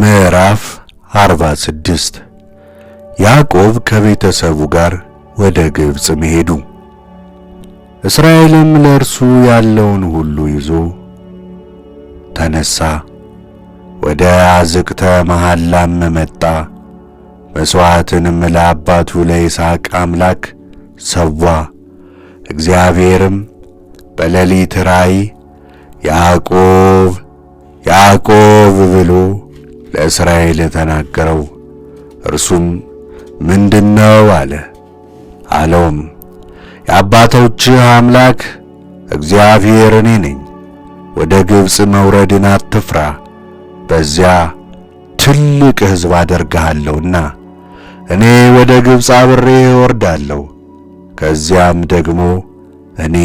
ምዕራፍ 46 ያዕቆብ ከቤተሰቡ ጋር ወደ ግብፅ መሄዱ። እስራኤልም ለእርሱ ያለውን ሁሉ ይዞ ተነሳ፣ ወደ አዝቅተ መሐላም መጣ። መሥዋዕትንም ለአባቱ ለይስሐቅ አምላክ ሰዋ። እግዚአብሔርም በሌሊት ራእይ ያዕቆብ ያዕቆብ ብሎ ለእስራኤል ተናገረው። እርሱም ምንድነው አለ። አለውም የአባቶችህ አምላክ እግዚአብሔር እኔ ነኝ። ወደ ግብፅ መውረድን አትፍራ፣ በዚያ ትልቅ ሕዝብ አደርግሃለሁና እኔ ወደ ግብፅ አብሬ እወርዳለሁ። ከዚያም ደግሞ እኔ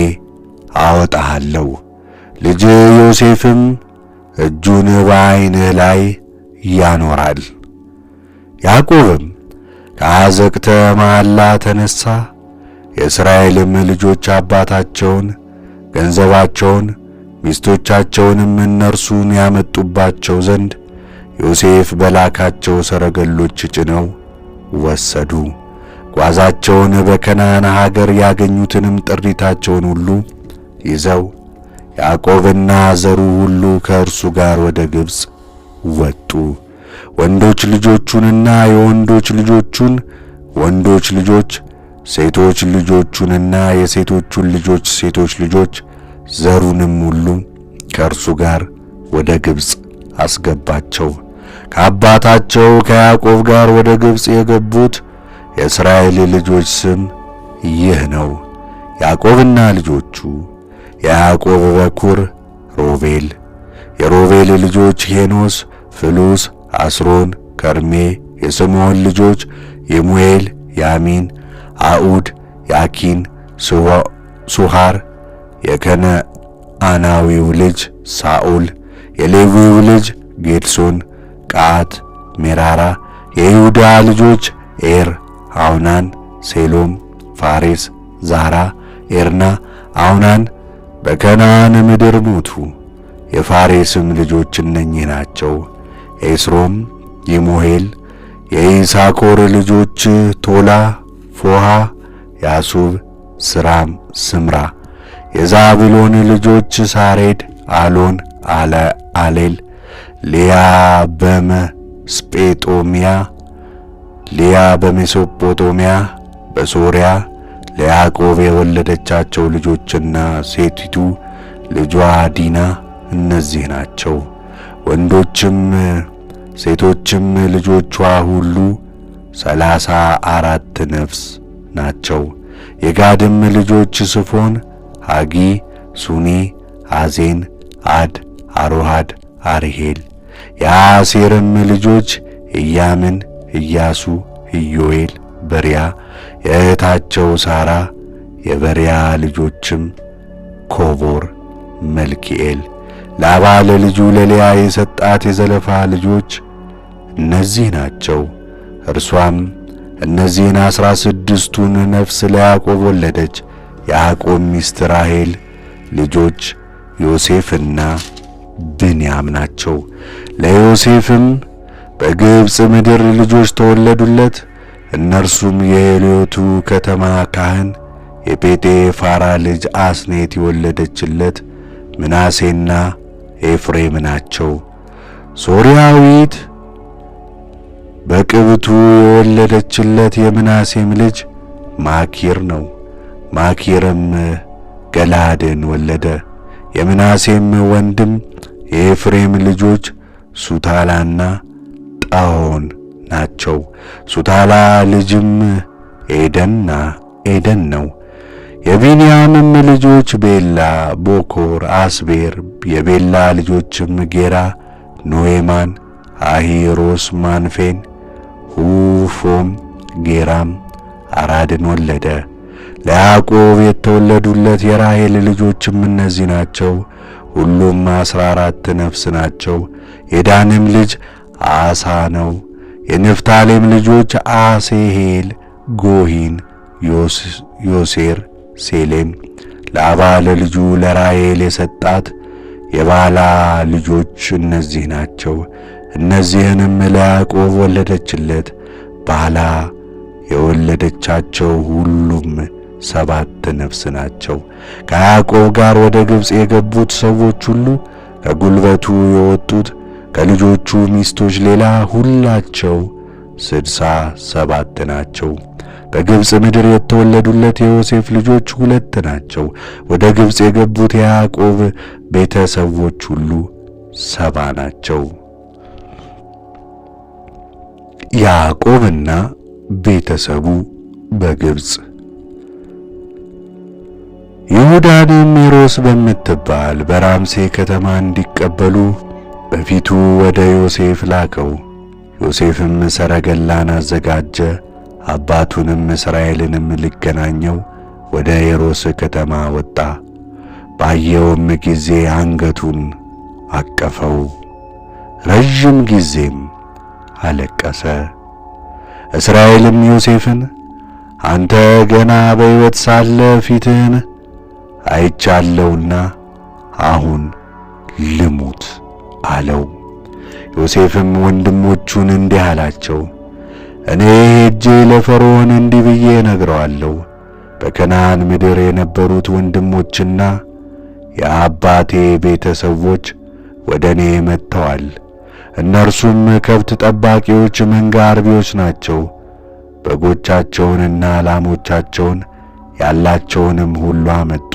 አወጣሃለሁ። ልጅ ዮሴፍም እጁን በዓይንህ ላይ ያኖራል። ያዕቆብም ከአዘቅተ መሐላ ተነሳ። የእስራኤልም ልጆች አባታቸውን፣ ገንዘባቸውን፣ ሚስቶቻቸውንም እነርሱን ያመጡባቸው ዘንድ ዮሴፍ በላካቸው ሰረገሎች ጭነው ወሰዱ። ጓዛቸውን በከናን ሀገር ያገኙትንም ጥሪታቸውን ሁሉ ይዘው ያዕቆብና ዘሩ ሁሉ ከእርሱ ጋር ወደ ግብፅ ወጡ። ወንዶች ልጆቹንና የወንዶች ልጆቹን ወንዶች ልጆች ሴቶች ልጆቹንና የሴቶቹን ልጆች ሴቶች ልጆች ዘሩንም ሁሉ ከእርሱ ጋር ወደ ግብፅ አስገባቸው። ከአባታቸው ከያዕቆብ ጋር ወደ ግብፅ የገቡት የእስራኤል ልጆች ስም ይህ ነው። ያዕቆብና ልጆቹ የያዕቆብ በኩር ሮቤል፣ የሮቤል ልጆች ሄኖስ ፍሉስ፣ አስሮን፣ ከርሜ፣ የስምዖን ልጆች የሙኤል፣ ያሚን፣ አዑድ፣ ያኪን፣ ሱሃር፣ የከነአናዊው ልጅ ሳኦል፣ የሌዊው ልጅ ጌድሶን፣ ቃት፣ ሜራራ፣ የይሁዳ ልጆች ኤር፣ አውናን፣ ሴሎም፣ ፋሬስ፣ ዛራ፣ ኤርና አውናን በከነዓን ምድር ሞቱ። የፋሬስም ልጆች እነኚህ ናቸው። ኤስሮም፣ ይሞሄል የኢሳኮር ልጆች ቶላ፣ ፎሃ፣ ያሱብ፣ ስራም፣ ስምራ። የዛብሎን ልጆች ሳሬድ፣ አሎን፣ አሌል፣ ሊያ በመስጴጦሚያ ሊያ በሜሶፖቶሚያ፣ በሶሪያ ለያዕቆብ የወለደቻቸው ልጆችና ሴቲቱ ልጇ ዲና እነዚህ ናቸው። ወንዶችም ሴቶችም ልጆቿ ሁሉ ሰላሳ አራት ነፍስ ናቸው። የጋድም ልጆች ስፎን፣ ሃጊ፣ ሱኒ፣ አዜን፣ አድ፣ አሮሃድ፣ አርሄል። የአሴርም ልጆች ኢያምን፣ ኢያሱ፣ ኢዮኤል፣ በሪያ የእህታቸው ሳራ። የበሪያ ልጆችም ኮቦር፣ መልኪኤል ላባ ለልጁ ለልያ የሰጣት የዘለፋ ልጆች እነዚህ ናቸው። እርሷም እነዚህን አስራ ስድስቱን ነፍስ ለያዕቆብ ወለደች። ያዕቆብ ሚስት ራሔል ልጆች ዮሴፍና ብንያም ናቸው። ለዮሴፍም በግብፅ ምድር ልጆች ተወለዱለት። እነርሱም የሄልዮቱ ከተማ ካህን የጴጤ ፋራ ልጅ አስኔት የወለደችለት ምናሴና ኤፍሬም ናቸው። ሶርያዊት በቅብቱ የወለደችለት የምናሴም ልጅ ማኪር ነው። ማኪርም ገላድን ወለደ። የምናሴም ወንድም የኤፍሬም ልጆች ሱታላና ጣሆን ናቸው። ሱታላ ልጅም ኤደንና ኤደን ነው። የቢንያምም ልጆች ቤላ፣ ቦኮር፣ አስቤር፣ የቤላ ልጆችም ጌራ፣ ኖኤማን፣ አሂሮስ፣ ማንፌን፣ ሁፎም፣ ጌራም አራድን ወለደ። ለያዕቆብ የተወለዱለት የራሔል ልጆችም እነዚህ ናቸው። ሁሉም አስራ አራት ነፍስ ናቸው። የዳንም ልጅ አሳ ነው። የንፍታሌም ልጆች አሴሄል፣ ጎሂን፣ ዮሴር ሴሌም ለአባ ለልጁ ለራኤል የሰጣት የባላ ልጆች እነዚህ ናቸው። እነዚህንም ለያዕቆብ ወለደችለት። ባላ የወለደቻቸው ሁሉም ሰባት ነፍስ ናቸው። ከያዕቆብ ጋር ወደ ግብፅ የገቡት ሰዎች ሁሉ ከጉልበቱ የወጡት ከልጆቹ ሚስቶች ሌላ ሁላቸው ስድሳ ሰባት ናቸው። በግብፅ ምድር የተወለዱለት የዮሴፍ ልጆች ሁለት ናቸው። ወደ ግብፅ የገቡት የያዕቆብ ቤተሰቦች ሁሉ ሰባ ናቸው። ያዕቆብና ቤተሰቡ በግብፅ ይሁዳን ሜሮስ በምትባል በራምሴ ከተማ እንዲቀበሉ በፊቱ ወደ ዮሴፍ ላከው። ዮሴፍም ሰረገላን አዘጋጀ። አባቱንም እስራኤልንም ሊገናኘው ወደ ኤሮስ ከተማ ወጣ። ባየውም ጊዜ አንገቱን አቀፈው፣ ረዥም ጊዜም አለቀሰ። እስራኤልም ዮሴፍን አንተ ገና በሕይወት ሳለ ፊትህን አይቻለውና አሁን ልሙት አለው። ዮሴፍም ወንድሞቹን እንዲህ አላቸው እኔ ሄጄ ለፈርዖን እንዲህ ብዬ እነግረዋለሁ፣ በከናን ምድር የነበሩት ወንድሞችና የአባቴ ቤተሰቦች ወደ እኔ መጥተዋል። እነርሱም ከብት ጠባቂዎች፣ መንጋ አርቢዎች ናቸው። በጎቻቸውንና ላሞቻቸውን ያላቸውንም ሁሉ አመጡ።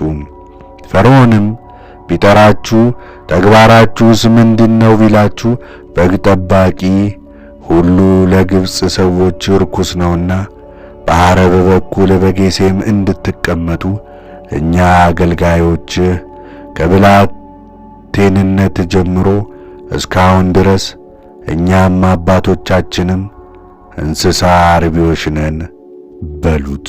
ፈርዖንም ቢጠራችሁ ተግባራችሁስ ምንድነው ቢላችሁ በግ ጠባቂ ሁሉ ለግብፅ ሰዎች ርኩስ ነውና በአረብ በኩል በጌሴም እንድትቀመጡ እኛ አገልጋዮች ከብላቴንነት ጀምሮ እስካሁን ድረስ እኛም አባቶቻችንም እንስሳ አርቢዎች ነን በሉት።